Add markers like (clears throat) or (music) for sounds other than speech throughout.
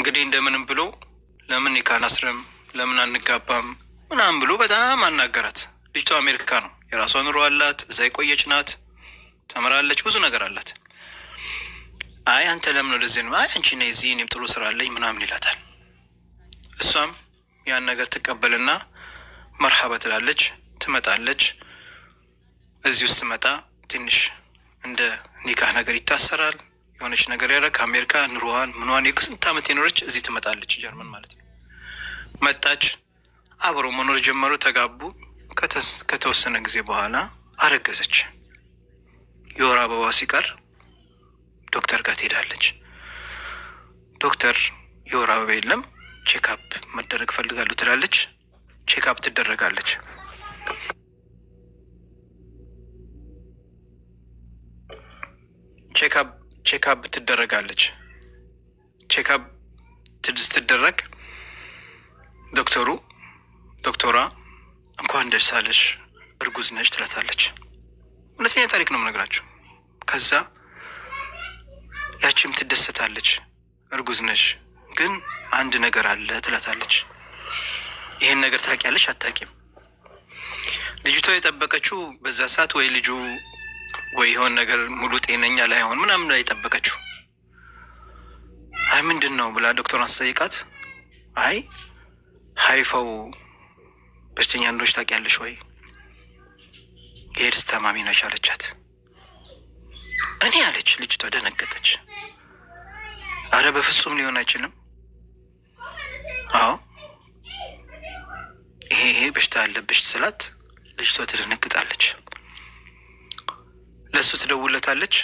እንግዲህ እንደምንም ብሎ ለምን ኒካን አስርም ለምን አንጋባም ምናምን ብሎ በጣም አናገራት። ልጅቷ አሜሪካ ነው፣ የራሷ ኑሮ አላት፣ እዛ የቆየች ናት፣ ተምራለች፣ ብዙ ነገር አላት። አይ አንተ ለምን ወደዚህ ነው? አይ አንቺ ነይ እዚህ እኔም ጥሩ ስራ አለኝ ምናምን ይላታል። እሷም ያን ነገር ትቀበልና መርሐባ ትላለች፣ ትመጣለች። እዚህ ውስጥ ትመጣ ትንሽ እንደ ኒካህ ነገር ይታሰራል። የሆነች ነገር ያለ ከአሜሪካ ኑሮዋን ምኗን የስንት ዓመት የኖረች እዚህ ትመጣለች፣ ጀርመን ማለት ነው። መጣች፣ አብረው መኖር ጀመሩ፣ ተጋቡ። ከተወሰነ ጊዜ በኋላ አረገዘች። የወር አበባ ሲቀር ዶክተር ጋር ትሄዳለች። ዶክተር የወር አበባ የለም፣ ቼክአፕ መደረግ እፈልጋለሁ ትላለች። ቼክአፕ ትደረጋለች። ቼክአፕ ቼክአፕ ትደረጋለች። ቼክአፕ ስትደረግ ዶክተሩ ዶክተሯ እንኳን ደስ አለሽ እርጉዝ ነች ትላታለች። እውነተኛ ታሪክ ነው የምነግራችሁ። ከዛ ያቺም ትደሰታለች፣ እርጉዝ ነች፣ ግን አንድ ነገር አለ ትላታለች። ይህን ነገር ታውቂያለሽ አታውቂም? ልጅቷ የጠበቀችው በዛ ሰዓት ወይ ልጁ ወይ የሆን ነገር ሙሉ ጤነኛ ላይሆን ምናምን ላይ ጠበቀችው። አይ ምንድን ነው ብላ ዶክተሩን አስጠይቃት፣ አይ ሀይፈው በሽተኛ እንዶች ታውቂያለሽ ወይ የኤድስ ተማሚ ነች አለቻት። እኔ አለች ልጅቷ፣ ደነገጠች። አረ በፍጹም ሊሆን አይችልም። አዎ ይሄ ይሄ በሽታ አለብሽ ስላት ልጅቷ ትደነግጣለች። ለእሱ ትደውለታለች፣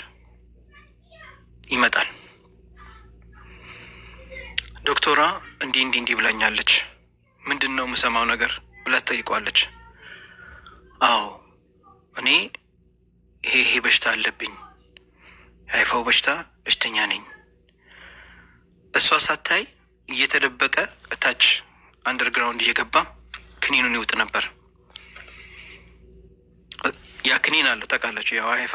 ይመጣል። ዶክተሯ እንዲህ እንዲህ እንዲህ ብላኛለች፣ ምንድን ነው የምሰማው ነገር ብላ ትጠይቋለች። አዎ እኔ ይሄ ይሄ በሽታ አለብኝ፣ አይፋው በሽታ በሽተኛ ነኝ። እሷ ሳታይ እየተደበቀ እታች አንደርግራውንድ እየገባ ክኒኑን ይውጥ ነበር። ያክኒን አለው ታውቃላችሁ። ያው አይፋ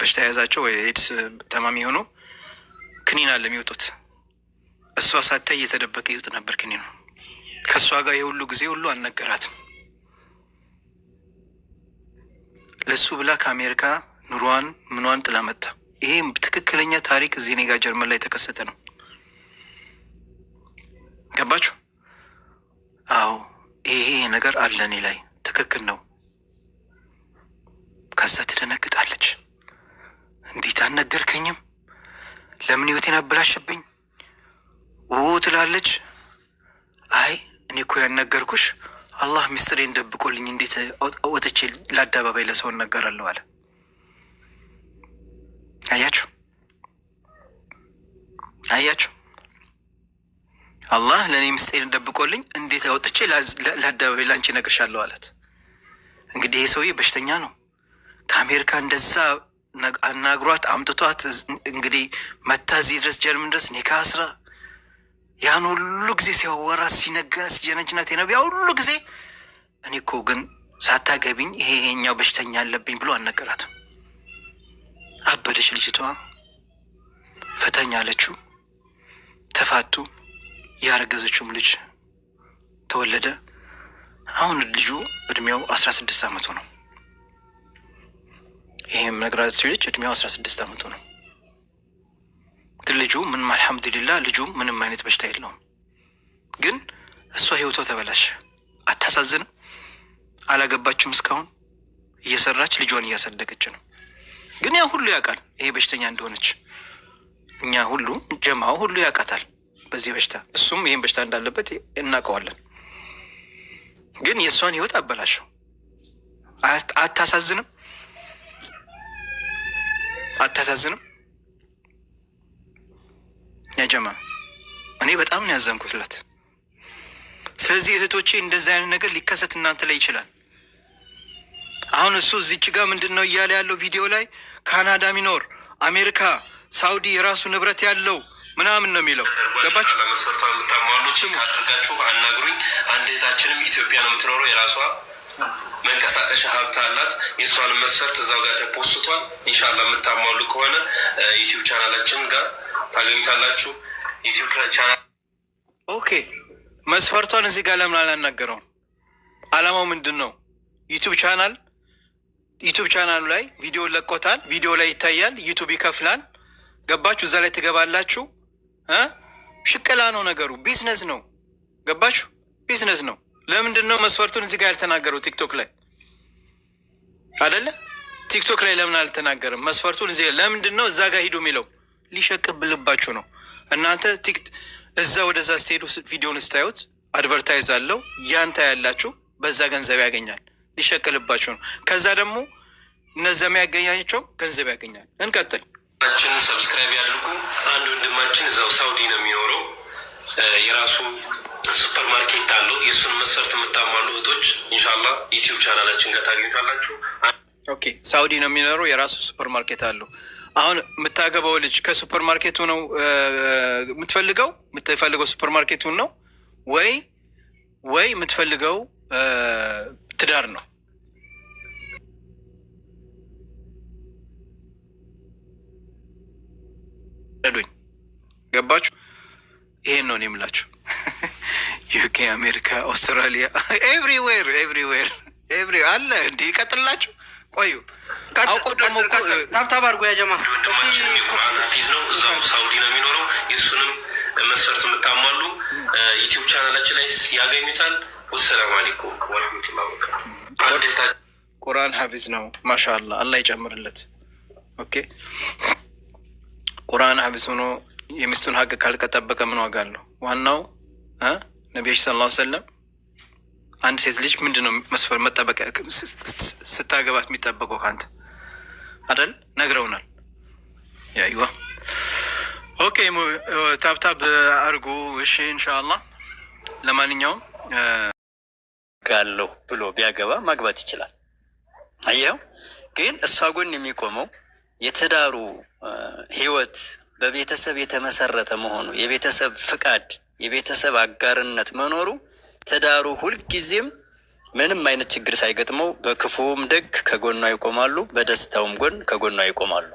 በሽታ የያዛቸው ወይ ኤድስ ተማሚ የሆኑ ክኒን አለ የሚወጡት። እሷ ሳታይ እየተደበቀ ይውጥ ነበር ክኒኑ። ከእሷ ጋር የሁሉ ጊዜ ሁሉ አልነገራትም። ለሱ ብላ ከአሜሪካ ኑሯን ምኗን ጥላ መጣ። ይሄ ትክክለኛ ታሪክ እዚህ እኔ ጋር ጀርመን ላይ የተከሰተ ነው። ገባችሁ? አዎ ይሄ ነገር አለ እኔ ላይ ትክክል ነው። ከዛ ትደነግጣለች። እንዴት አልነገርከኝም? ለምን ህይወቴን አበላሽብኝ ትላለች። አይ እኔ እኮ ያነገርኩሽ አላህ ሚስጥሬን ደብቆልኝ እንዴት ወጥቼ ለአደባባይ ለሰው እነገራለሁ አለ። አያችሁ አያችሁ፣ አላህ ለእኔ ሚስጥሬን ደብቆልኝ እንዴት ወጥቼ ለአደባባይ ለአንቺ እነግርሻለሁ አላት። እንግዲህ ይህ ሰውዬ በሽተኛ ነው። ከአሜሪካ እንደዛ አናግሯት አምጥቷት እንግዲህ መታ እዚህ ድረስ ጀርመን ድረስ ኒካ አስራ ያን ሁሉ ጊዜ ሲያወራት ሲነጋ ሲጀነጅናት የነብ ያ ሁሉ ጊዜ እኔ እኮ ግን ሳታገቢኝ ይሄ ይሄኛው በሽተኛ አለብኝ ብሎ አልነገራትም። አበደች ልጅቷ። ፈተኛ አለችው። ተፋቱ። ያረገዘችውም ልጅ ተወለደ። አሁን ልጁ እድሜው አስራ ስድስት ዓመቱ ነው። ይሄም ነግራቸው ልጅ እድሜው አስራ ስድስት አመቱ ነው። ግን ልጁ ምንም አልሐምዱሊላ ልጁ ምንም አይነት በሽታ የለውም። ግን እሷ ህይወቷ ተበላሸ። አታሳዝንም? አላገባችም። እስካሁን እየሰራች ልጇን እያሳደገች ነው። ግን ያ ሁሉ ያውቃል ይሄ በሽተኛ እንደሆነች እኛ ሁሉ ጀማው ሁሉ ያውቃታል በዚህ በሽታ እሱም ይህን በሽታ እንዳለበት እናውቀዋለን። ግን የእሷን ህይወት አበላሸው። አታሳዝንም? አታሳዝንም? ያጀማ እኔ በጣም ነው ያዘንኩትላት። ስለዚህ እህቶቼ እንደዚህ አይነት ነገር ሊከሰት እናንተ ላይ ይችላል። አሁን እሱ እዚች ጋር ምንድን ነው እያለ ያለው ቪዲዮ ላይ ካናዳ ሚኖር አሜሪካ፣ ሳውዲ የራሱ ንብረት ያለው ምናምን ነው የሚለው። ገባችሁ? ለመሰርታ የምታሟሉችን አናግሩኝ። አንድ እህታችንም ኢትዮጵያ ነው የምትኖረው የራሷ መንቀሳቀሻ ሀብት አላት። የእሷን መስፈርት እዛው ጋር ተፖስቷል። እንሻላ የምታሟሉ ከሆነ ዩቲዩብ ቻናላችን ጋር ታገኝታላችሁ። ዩቲዩብ ቻናል ኦኬ። መስፈርቷን እዚህ ጋር ለምን አላናገረውም? አላማው ምንድን ነው? ዩቱብ ቻናል ዩቱብ ቻናሉ ላይ ቪዲዮ ለቆታል። ቪዲዮ ላይ ይታያል። ዩቱብ ይከፍላል። ገባችሁ? እዛ ላይ ትገባላችሁ። ሽቅላ ነው ነገሩ። ቢዝነስ ነው። ገባችሁ? ቢዝነስ ነው። ለምንድን ነው መስፈርቱን እዚህ ጋር ያልተናገረው? ቲክቶክ ላይ አደለ? ቲክቶክ ላይ ለምን አልተናገርም? መስፈርቱን እዚህ ለምንድን ነው እዛ ጋር ሂዱ የሚለው? ሊሸቅብልባችሁ ነው እናንተ ቲክት እዛ ወደዛ ስትሄዱ ቪዲዮን ስታዩት አድቨርታይዝ አለው ያንተ ያላችሁ በዛ ገንዘብ ያገኛል። ሊሸቅልባችሁ ነው። ከዛ ደግሞ እነዛ የሚያገኛቸው ገንዘብ ያገኛል። እንቀጥል። ሰብስክራይብ ያድርጉ። አንድ ወንድማችን እዛው ሳውዲ ነው የሚኖረው የራሱ ሱፐር ማርኬት አለው። የእሱን መስፈርት የምታሟሉ እህቶች እንሻላ ዩቲዩብ ቻናላችን ጋር ታገኙታላችሁ። ኦኬ ሳውዲ ነው የሚኖረው፣ የራሱ ሱፐር ማርኬት አለው። አሁን የምታገባው ልጅ ከሱፐር ማርኬቱ ነው የምትፈልገው የምትፈልገው ሱፐር ማርኬቱን ነው ወይ ወይ የምትፈልገው ትዳር ነው? ገባችሁ? ይሄን ነው እኔ የምላችሁ። (laughs) ዩኬ፣ አሜሪካ፣ አውስትራሊያ፣ ኤቭሪዌር ኤቭሪዌር ኤቭሪ አለ። እንዲህ ይቀጥላችሁ ቆዩ። አውቆ ደግሞ ታብታብ አድርጎ ያጀማ ወንድማችን የቁርአን ፊዝ ነው፣ እዛው ሳውዲ ነው የሚኖረው። የእሱንም መስፈርት የምታሟሉ ዩቲዩብ ቻናላችን ላይ ያገኙታል። ወሰላም አለይኩም ወረመቱላ በረካቱ። ቁርአን ሀፊዝ ነው። ማሻአላ አላህ ይጨምርለት። ኦኬ ቁርአን ሀፊዝ ሆኖ የሚስቱን ሀቅ ካልጠበቀ ምን ዋጋ አለው? ዋናው ነቢያችን ሰለላሁ ሰለም አንድ ሴት ልጅ ምንድን ነው መስፈር መጠበቅ ስታገባት የሚጠበቀው ከአንተ አይደል? ነግረውናል። ያይዋ ኦኬ፣ ታብታብ አርጉ። እሺ፣ እንሻላ ለማንኛውም ጋለሁ ብሎ ቢያገባ ማግባት ይችላል። አየው ግን እሷ ጎን የሚቆመው የትዳሩ ህይወት በቤተሰብ የተመሰረተ መሆኑ የቤተሰብ ፍቃድ የቤተሰብ አጋርነት መኖሩ ትዳሩ ሁልጊዜም ምንም አይነት ችግር ሳይገጥመው በክፉም ደግ ከጎኗ ይቆማሉ፣ በደስታውም ጎን ከጎኗ ይቆማሉ።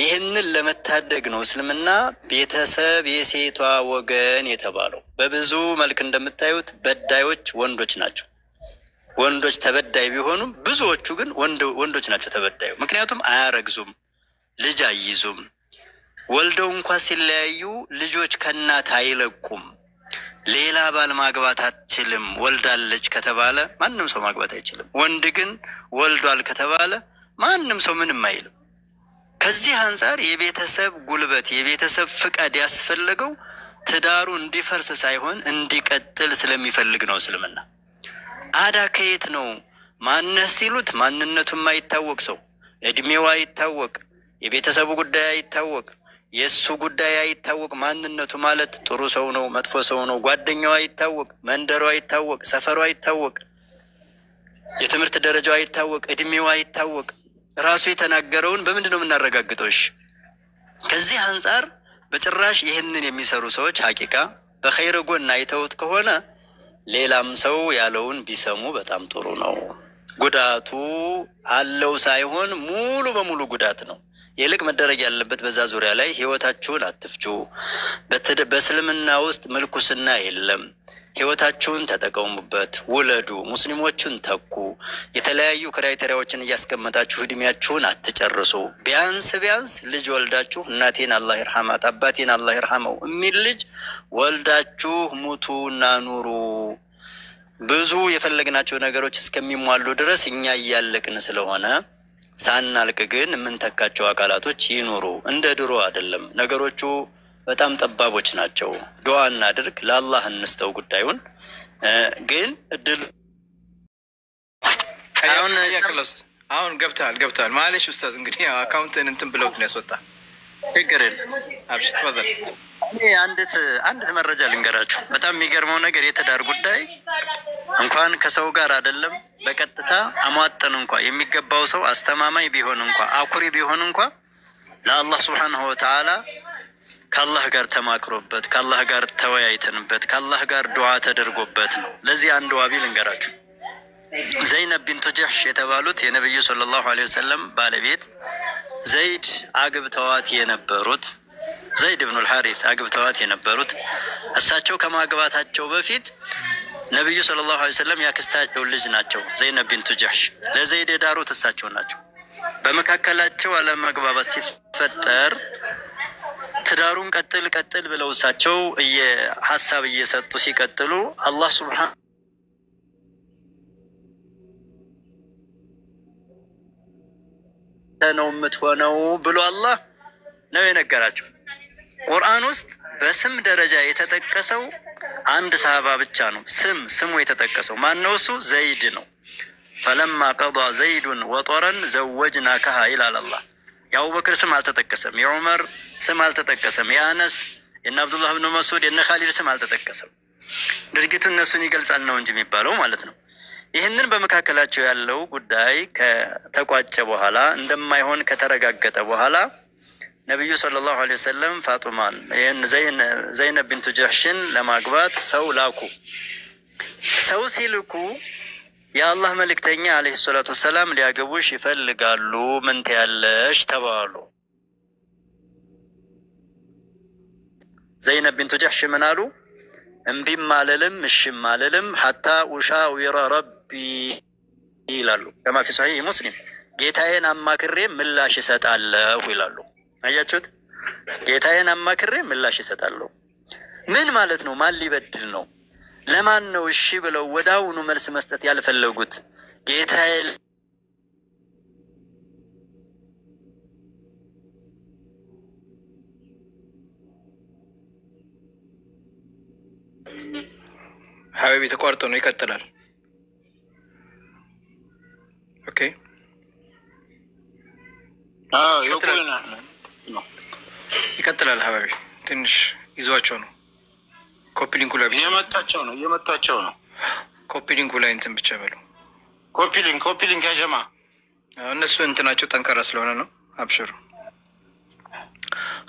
ይህንን ለመታደግ ነው እስልምና ቤተሰብ የሴቷ ወገን የተባለው። በብዙ መልክ እንደምታዩት በዳዮች ወንዶች ናቸው። ወንዶች ተበዳይ ቢሆኑም ብዙዎቹ ግን ወንዶች ናቸው ተበዳዩ። ምክንያቱም አያረግዙም፣ ልጅ አይይዙም። ወልደው እንኳ ሲለያዩ ልጆች ከእናት አይለቁም። ሌላ ባል ማግባት አትችልም። ወልዳለች ከተባለ ማንም ሰው ማግባት አይችልም። ወንድ ግን ወልዷል ከተባለ ማንም ሰው ምንም አይልም። ከዚህ አንጻር የቤተሰብ ጉልበት የቤተሰብ ፍቃድ ያስፈለገው ትዳሩ እንዲፈርስ ሳይሆን እንዲቀጥል ስለሚፈልግ ነው። እስልምና አዳ ከየት ነው ማነህ ሲሉት ማንነቱ የማይታወቅ ሰው እድሜው አይታወቅ፣ የቤተሰቡ ጉዳይ አይታወቅ የእሱ ጉዳይ አይታወቅ፣ ማንነቱ ማለት ጥሩ ሰው ነው መጥፎ ሰው ነው፣ ጓደኛው አይታወቅ፣ መንደሩ አይታወቅ፣ ሰፈሩ አይታወቅ፣ የትምህርት ደረጃው አይታወቅ፣ እድሜው አይታወቅ። ራሱ የተናገረውን በምንድን ነው የምናረጋግጠው? ከዚህ አንጻር በጭራሽ ይህንን የሚሰሩ ሰዎች ሀቂቃ በኸይር ጎን አይተውት ከሆነ ሌላም ሰው ያለውን ቢሰሙ በጣም ጥሩ ነው። ጉዳቱ አለው ሳይሆን ሙሉ በሙሉ ጉዳት ነው። ይልቅ መደረግ ያለበት በዛ ዙሪያ ላይ ህይወታችሁን አትፍጩ። በእስልምና ውስጥ ምልኩስና የለም። ህይወታችሁን ተጠቀሙበት፣ ውለዱ፣ ሙስሊሞችን ተኩ። የተለያዩ ክራይቴሪያዎችን እያስቀመጣችሁ እድሜያችሁን አትጨርሱ። ቢያንስ ቢያንስ ልጅ ወልዳችሁ እናቴን አላህ ይርሃማት አባቴን አላህ ይርሃመው የሚል ልጅ ወልዳችሁ እና ኑሩ። ብዙ የፈለግናቸው ነገሮች እስከሚሟሉ ድረስ እኛ እያለቅን ስለሆነ ሳናልቅ ግን የምንተካቸው አካላቶች ይኖሩ። እንደ ድሮ አይደለም። ነገሮቹ በጣም ጠባቦች ናቸው። ዱዓ እናድርግ፣ ለአላህ እንስተው ጉዳዩን። ግን እድል አሁን ገብተሃል ገብተሃል። ማለሽ ኡስታዝ እንግዲህ አካውንትን እንትን ብለውት ነው ያስወጣ። ችግርን የለም አብሽት ፈዘል አንድት አንድት መረጃ ልንገራችሁ። በጣም የሚገርመው ነገር የትዳር ጉዳይ እንኳን ከሰው ጋር አይደለም በቀጥታ አሟጠን እንኳ የሚገባው ሰው አስተማማኝ ቢሆን እንኳ አኩሪ ቢሆን እንኳ ለአላህ ስብሓንሁ ወተዓላ ከአላህ ጋር ተማክሮበት ከአላህ ጋር ተወያይተንበት ከአላህ ጋር ዱዓ ተደርጎበት ነው። ለዚህ አንድ ዋቢ ልንገራችሁ። ዘይነብ ቢንቱ ጀሕሽ የተባሉት የነቢዩ ሰለላሁ ዐለይሂ ወሰለም ባለቤት ዘይድ አግብተዋት የነበሩት ዘይድ ብኑል ሐሪት አግብተዋት የነበሩት እሳቸው ከማግባታቸው በፊት ነቢዩ ሰለላሁ ዐለይሂ ወሰለም ያክስታቸው ልጅ ናቸው። ዘይነብ ቢንቱ ጀሕሽ ለዘይድ የዳሩት እሳቸው ናቸው። በመካከላቸው አለመግባባት ሲፈጠር ትዳሩን ቀጥል ቀጥል ብለው እሳቸው ሀሳብ እየሰጡ ሲቀጥሉ አላህ ሱብሓነሁ ነው የምትሆነው ብሎ አላህ ነው የነገራቸው። ቁርአን ውስጥ በስም ደረጃ የተጠቀሰው አንድ ሰሃባ ብቻ ነው ስም ስሙ የተጠቀሰው። ማነው እሱ? ዘይድ ነው። ፈለማ ቀዷ ዘይዱን ወጦረን ዘወጅና ከሃ ይላል አላህ። የአቡበክር ስም አልተጠቀሰም፣ የዑመር ስም አልተጠቀሰም፣ የአነስ የነ አብዱላህ ብኑ መስዑድ የነ ካሊድ ስም አልተጠቀሰም። ድርጊቱ እነሱን ይገልጻል ነው እንጂ የሚባለው ማለት ነው። ይህንን በመካከላቸው ያለው ጉዳይ ከተቋጨ በኋላ እንደማይሆን ከተረጋገጠ በኋላ ነቢዩ ሰለላሁ ዐለይሂ ወሰለም ፋጡማን ይህን ዘይነብ ቢንቱ ጀሕሽን ለማግባት ሰው ላኩ። ሰው ሲልኩ የአላህ መልእክተኛ ዐለይሂ ሰላቱ ወሰላም ሊያገቡሽ ይፈልጋሉ ምን ትያለሽ ተባሉ። ዘይነብ ቢንቱ ጀሕሽ ምን አሉ? እምቢም አልልም እሽም አልልም ሐታ ኡሻዊረ ረቢ ይላሉ። ከማ ፊ ሰሒህ ሙስሊም ጌታዬን አማክሬ ምላሽ ይሰጣለሁ ይላሉ። አያችሁት? ጌታዬን አማክሬ ምላሽ ይሰጣለሁ። ምን ማለት ነው? ማን ሊበድል ነው? ለማን ነው እሺ ብለው ወደ አሁኑ መልስ መስጠት ያልፈለጉት? ጌታዬ ሀቢቢ ተቋርጦ ነው። ይቀጥላል። ኦኬ ነው። ይቀጥላል። ሀበቤ ትንሽ ይዟቸው ነው። ኮፒሊንኩ ላይ እየመጣቸው ነው፣ እየመጣቸው ነው። ኮፒሊንኩ ላይ እንትን ብቻ በሉ። ኮፒሊንክ ኮፒሊንክ ያጀማ እነሱ እንትናቸው ጠንካራ ስለሆነ ነው። አብሽሩ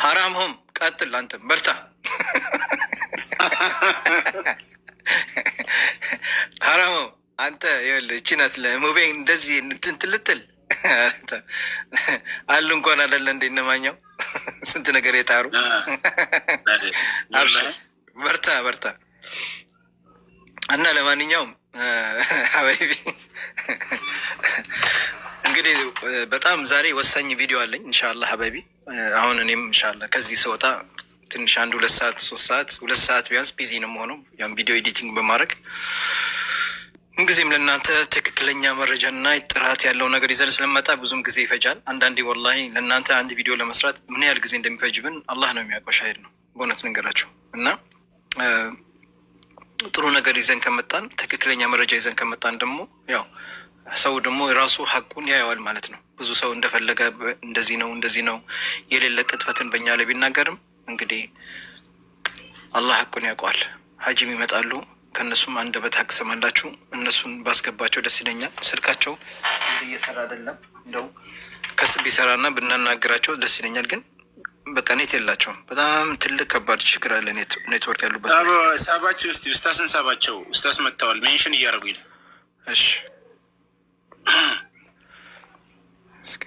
ሀራም ሆም ቀጥል። አንተም በርታ። ሀራም ሆም አንተ ይኸውልህ፣ እቺ ናት ለሙቤ እንደዚህ እንትን ትልትል (laughs) አሉ እንኳን አደለ እንዴ እነማኛው (laughs) ስንት ነገር የጣሩ (laughs) በርታ በርታ እና ለማንኛውም ሀባይቢ እንግዲህ በጣም ዛሬ ወሳኝ ቪዲዮ አለኝ እንሻላ ሀባይቢ። አሁን እኔም እንሻላ ከዚህ ስወጣ ትንሽ አንድ ሁለት ሰዓት ሶስት ሰዓት ሁለት ሰዓት ቢያንስ ቢዚ ነው መሆነው ያም ቪዲዮ ኤዲቲንግ በማድረግ ምንጊዜም ለእናንተ ትክክለኛ እና ጥራት ያለው ነገር ይዘን ስለመጣ ብዙም ጊዜ ይፈጃል። አንዳንዴ ወላሂ ለእናንተ አንድ ቪዲዮ ለመስራት ምን ያህል ጊዜ እንደሚፈጅብን አላህ ነው የሚያውቀው። ነው በእውነት ንገራቸው እና ጥሩ ነገር ይዘን ከመጣን ትክክለኛ መረጃ ይዘን ከመጣን ደግሞ ያው ሰው ደግሞ የራሱ ሀቁን ያየዋል ማለት ነው። ብዙ ሰው እንደፈለገ እንደዚህ ነው እንደዚህ ነው የሌለ ቅጥፈትን በእኛ ላይ ቢናገርም እንግዲህ አላህ ሀቁን ያውቀዋል። ሀጂም ይመጣሉ ከእነሱም አንደበት ታቅስማላችሁ። እነሱን ባስገባቸው ደስ ይለኛል። ስልካቸው እየሰራ አይደለም። እንደው ከስብ ቢሰራና ብናናግራቸው ደስ ይለኛል። ግን በቃ ኔት የላቸውም። በጣም ትልቅ ከባድ ችግር አለ። ኔትወርክ ያሉበት ሳባቸው ስ ስታስን ሳባቸው ስታስ መጥተዋል። ሜንሽን እያደረጉኝ ነው። እሺ (clears throat) እስኪ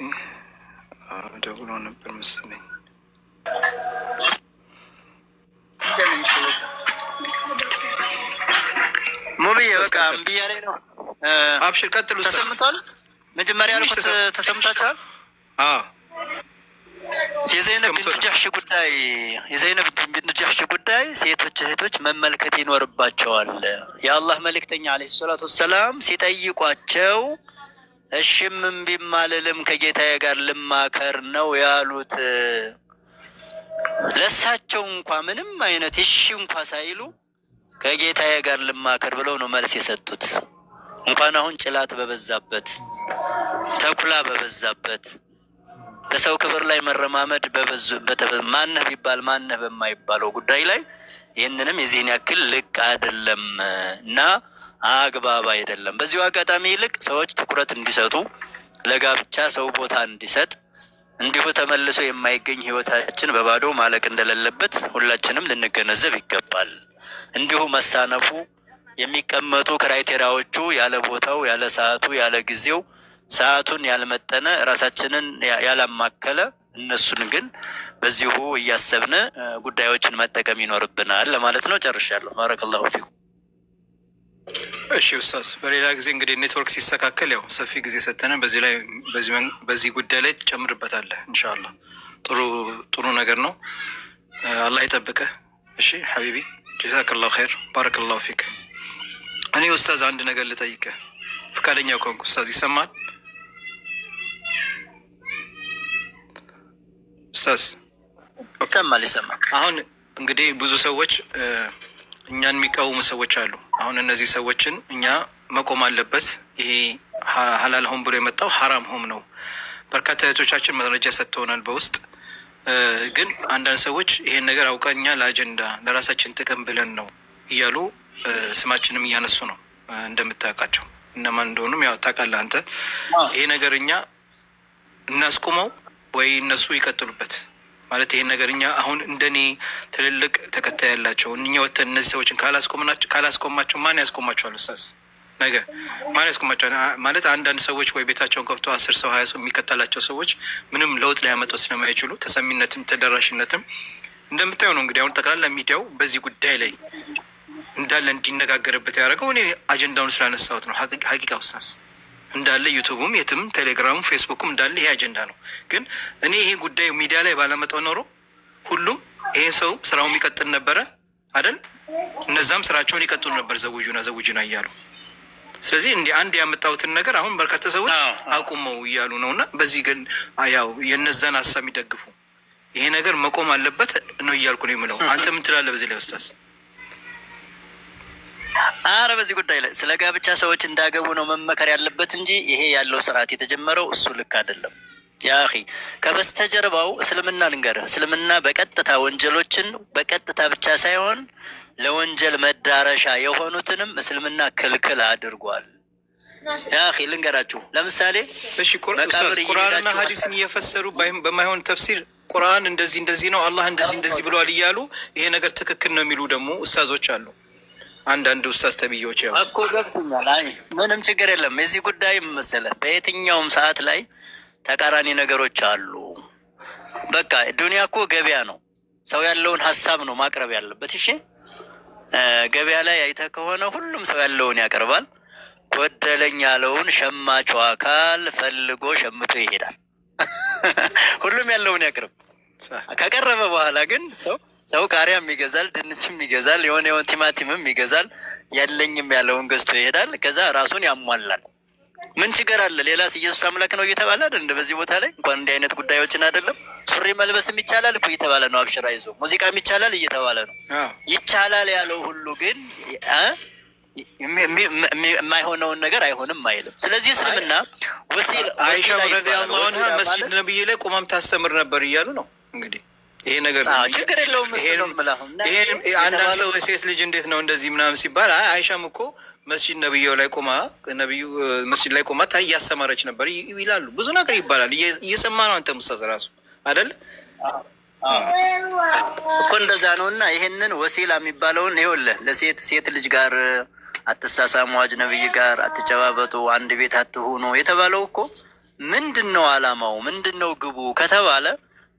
ደውሎ ነበር መሰለኝ (clears throat) ሙሉዬ በቃ እምቢ እያለኝ ነው። አብሽር ቀጥሉ። ተሰምቷል። መጀመሪያ ያልኩት ተሰምታችኋል። የዘይነብ ቢንቱ ጉዳይ የዘይነብ ቢንቱ ጉዳይ ሴቶች እህቶች መመልከት ይኖርባቸዋል። የአላህ መልእክተኛ አለይሂ ሰላቱ ወሰላም ሲጠይቋቸው እሽም እምቢም አልልም ከጌታዬ ጋር ልማከር ነው ያሉት። ለእሳቸው እንኳ ምንም አይነት እሺ እንኳ ሳይሉ ከጌታዬ ጋር ልማከር ብለው ነው መልስ የሰጡት። እንኳን አሁን ጭላት በበዛበት ተኩላ በበዛበት በሰው ክብር ላይ መረማመድ ማነህ ቢባል ማነህ በማይባለው ጉዳይ ላይ ይህንንም የዚህን ያክል ልቅ አይደለም እና አግባብ አይደለም። በዚሁ አጋጣሚ ይልቅ ሰዎች ትኩረት እንዲሰጡ ለጋብቻ ሰው ቦታ እንዲሰጥ እንዲሁ ተመልሶ የማይገኝ ህይወታችን በባዶ ማለቅ እንደሌለበት ሁላችንም ልንገነዘብ ይገባል። እንዲሁ መሳነፉ የሚቀመጡ ክራይቴሪያዎቹ ያለ ቦታው፣ ያለ ሰዓቱ፣ ያለ ጊዜው ሰዓቱን ያልመጠነ ራሳችንን ያላማከለ እነሱን ግን በዚሁ እያሰብን ጉዳዮችን መጠቀም ይኖርብናል ለማለት ነው። ጨርሻለሁ። ባረከላሁ ፊኩም። እሺ ኡስታዝ፣ በሌላ ጊዜ እንግዲህ ኔትወርክ ሲስተካከል ያው ሰፊ ጊዜ ሰተነ በዚህ ላይ በዚህ ጉዳይ ላይ ትጨምርበታለህ እንሻላ። ጥሩ ጥሩ ነገር ነው። አላህ ይጠብቀህ። እሺ ሐቢቢ ጀዛከላሁ ኸይር ባረከላሁ ፊክ። እኔ ኡስታዝ አንድ ነገር ልጠይቀ ፍቃደኛ ከሆንክ ኡስታዝ፣ ይሰማል ኡስታዝ? ይሰማል ይሰማል። አሁን እንግዲህ ብዙ ሰዎች እኛን የሚቃወሙ ሰዎች አሉ። አሁን እነዚህ ሰዎችን እኛ መቆም አለበት። ይሄ ሀላል ሆም ብሎ የመጣው ሀራም ሆም ነው። በርካታ እህቶቻችን መረጃ ሰጥተውናል በውስጥ ግን አንዳንድ ሰዎች ይሄን ነገር አውቃኛ ለአጀንዳ ለራሳችን ጥቅም ብለን ነው እያሉ ስማችንም እያነሱ ነው። እንደምታውቃቸው እነማን እንደሆኑም ያው ታውቃለህ አንተ። ይሄ ነገር እኛ እናስቁመው ወይ እነሱ ይቀጥሉበት ማለት ይሄን ነገር እኛ አሁን እንደኔ ትልልቅ ተከታይ ያላቸው እኛ ወተን እነዚህ ሰዎችን ካላስቆማቸው ማን ያስቆማቸዋል? ሳስ ነገር ማን ያስቆማቸዋል? ማለት አንዳንድ ሰዎች ወይ ቤታቸውን ከፍቶ አስር ሰው ሀያ ሰው የሚከተላቸው ሰዎች ምንም ለውጥ ሊያመጡ ስለማይችሉ ተሰሚነትም ተደራሽነትም እንደምታየው ነው። እንግዲህ አሁን ጠቅላላ ሚዲያው በዚህ ጉዳይ ላይ እንዳለ እንዲነጋገርበት ያደረገው እኔ አጀንዳውን ስላነሳሁት ነው። ሀቂቃ ውስታስ እንዳለ ዩቱቡም፣ የትም፣ ቴሌግራሙ፣ ፌስቡክም እንዳለ ይሄ አጀንዳ ነው። ግን እኔ ይሄ ጉዳይ ሚዲያ ላይ ባለመጠው ኖሮ ሁሉም ይሄ ሰው ስራውን ይቀጥል ነበረ አይደል? እነዛም ስራቸውን ይቀጥሉ ነበር ዘውጁና ዘውጁና እያሉ ስለዚህ እንዲ አንድ ያመጣሁትን ነገር አሁን በርካታ ሰዎች አቁመው እያሉ ነው። እና በዚህ ግን ያው የነዛን ሀሳብ የሚደግፉ ይሄ ነገር መቆም አለበት ነው እያልኩ ነው የምለው። አንተ ምን ትላለህ በዚህ ላይ ኡስታዝ? አረ በዚህ ጉዳይ ላይ ስለ ጋብቻ ሰዎች እንዳገቡ ነው መመከር ያለበት እንጂ ይሄ ያለው ስርዓት የተጀመረው እሱ ልክ አይደለም። ያኺ ከበስተጀርባው እስልምና ልንገርህ፣ እስልምና በቀጥታ ወንጀሎችን በቀጥታ ብቻ ሳይሆን ለወንጀል መዳረሻ የሆኑትንም እስልምና ክልክል አድርጓል። ያኺ ልንገራችሁ፣ ለምሳሌ ቁርአንና ሀዲስን እየፈሰሩ በማይሆን ተፍሲር ቁርአን እንደዚህ እንደዚህ ነው አላህ እንደዚህ እንደዚህ ብለዋል እያሉ ይሄ ነገር ትክክል ነው የሚሉ ደግሞ ኡስታዞች አሉ። አንዳንድ ኡስታዝ ተብዬዎች ያው እኮ ገብቶኛል። አይ ምንም ችግር የለም። የዚህ ጉዳይ መሰለ በየትኛውም ሰዓት ላይ ተቃራኒ ነገሮች አሉ። በቃ ዱኒያ እኮ ገበያ ነው። ሰው ያለውን ሀሳብ ነው ማቅረብ ያለበት። እሺ ገበያ ላይ አይተ ከሆነ ሁሉም ሰው ያለውን ያቀርባል። ጎደለኝ ያለውን ሸማቹ አካል ፈልጎ ሸምቶ ይሄዳል። (laughs) ሁሉም ያለውን ያቅርብ። ከቀረበ በኋላ ግን ሰው ሰው ቃሪያም ይገዛል፣ ድንችም ይገዛል፣ የሆነ የሆን ቲማቲምም ይገዛል። ያለኝም ያለውን ገዝቶ ይሄዳል። ከዛ ራሱን ያሟላል። ምን ችግር አለ? ሌላስ ኢየሱስ አምላክ ነው እየተባለ አይደል? እንደ በዚህ ቦታ ላይ እንኳን እንዲህ አይነት ጉዳዮችን አይደለም ሱሪ መልበስም ይቻላል እኮ እየተባለ ነው። አብሽራ ይዞ ሙዚቃም ይቻላል እየተባለ ነው። ይቻላል ያለው ሁሉ ግን የማይሆነውን ነገር አይሆንም አይልም። ስለዚህ እስልምና አይሻ ረዲየላሁ ዐንሃ መስጂድ ነብይ ላይ ቁማም ታስተምር ነበር እያሉ ነው እንግዲህ ይሄ ነገር ችግር የለውም። አንዳንድ ሰው ሴት ልጅ እንዴት ነው እንደዚህ ምናምን ሲባል አይሻም እኮ መስጂድ ነብየው ላይ ቆማ ነብዩ መስጂድ ላይ ቆማ ታይ እያስተማረች ነበር ይላሉ። ብዙ ነገር ይባላል። እየሰማ ነው አንተ ሙስታዝ ራሱ አይደል እኮ እንደዛ ነው። እና ይሄንን ወሲላ የሚባለውን ይኸውልህ ለሴት ሴት ልጅ ጋር አትሳሳሙ፣ አጅ ነብይ ጋር አትጨባበጡ፣ አንድ ቤት አትሁኑ የተባለው እኮ ምንድን ነው አላማው? ምንድን ነው ግቡ ከተባለ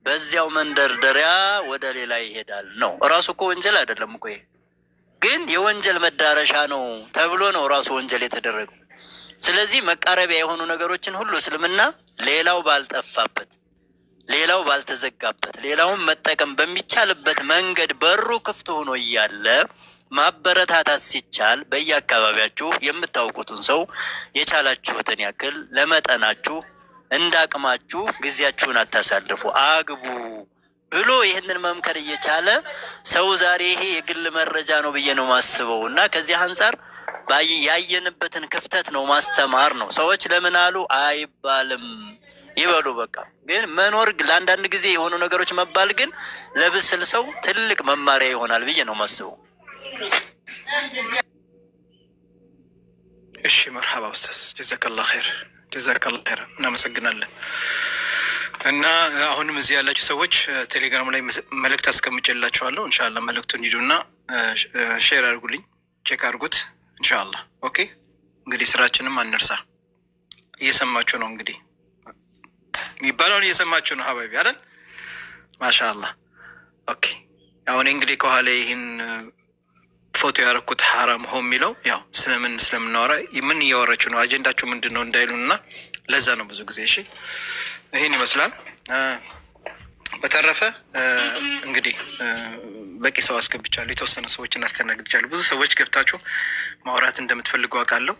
በዚያው መንደርደሪያ ወደ ሌላ ይሄዳል ነው። እራሱ እኮ ወንጀል አይደለም እኮ ይሄ ግን የወንጀል መዳረሻ ነው ተብሎ ነው ራሱ ወንጀል የተደረገው። ስለዚህ መቃረቢያ የሆኑ ነገሮችን ሁሉ እስልምና ሌላው ባልጠፋበት፣ ሌላው ባልተዘጋበት፣ ሌላውን መጠቀም በሚቻልበት መንገድ በሩ ክፍት ሆኖ እያለ ማበረታታት ሲቻል በየአካባቢያችሁ የምታውቁትን ሰው የቻላችሁትን ያክል ለመጠናችሁ እንደ አቅማችሁ ጊዜያችሁን አታሳልፉ፣ አግቡ ብሎ ይህንን መምከር እየቻለ ሰው ዛሬ ይሄ የግል መረጃ ነው ብዬ ነው ማስበው እና ከዚህ አንጻር ያየንበትን ክፍተት ነው ማስተማር ነው። ሰዎች ለምን አሉ አይባልም ይበሉ በቃ። ግን መኖር ለአንዳንድ ጊዜ የሆኑ ነገሮች መባል ግን ለብስል ሰው ትልቅ መማሪያ ይሆናል ብዬ ነው ማስበው። እሺ መርሐባ ኡስታዝ ጀዛከላህ ኸይር። ጀዛካላ ኸይር እናመሰግናለን። እና አሁንም እዚህ ያላችሁ ሰዎች ቴሌግራም ላይ መልእክት አስቀምጬላችኋለሁ። እንሻላ መልእክቱን ሂዱና ሼር አድርጉልኝ፣ ቼክ አድርጉት። እንሻላ ኦኬ። እንግዲህ ስራችንም አንርሳ። እየሰማችሁ ነው እንግዲህ የሚባለውን እየሰማችሁ ነው። ሀባቢ አለን ማሻላ ኦኬ። አሁን እንግዲህ ከኋላ ይህን ፎቶ ያደረኩት ሀራም ሆ የሚለው ያው ስለምን ስለምናወራ ምን እያወረችው ነው አጀንዳቸው ምንድን ነው እንዳይሉ እና ለዛ ነው ብዙ ጊዜ። እሺ ይህን ይመስላል። በተረፈ እንግዲህ በቂ ሰው አስገብቻለሁ። የተወሰነ ሰዎች እናስተናግድቻለሁ። ብዙ ሰዎች ገብታችሁ ማውራት እንደምትፈልጉ አውቃለሁ።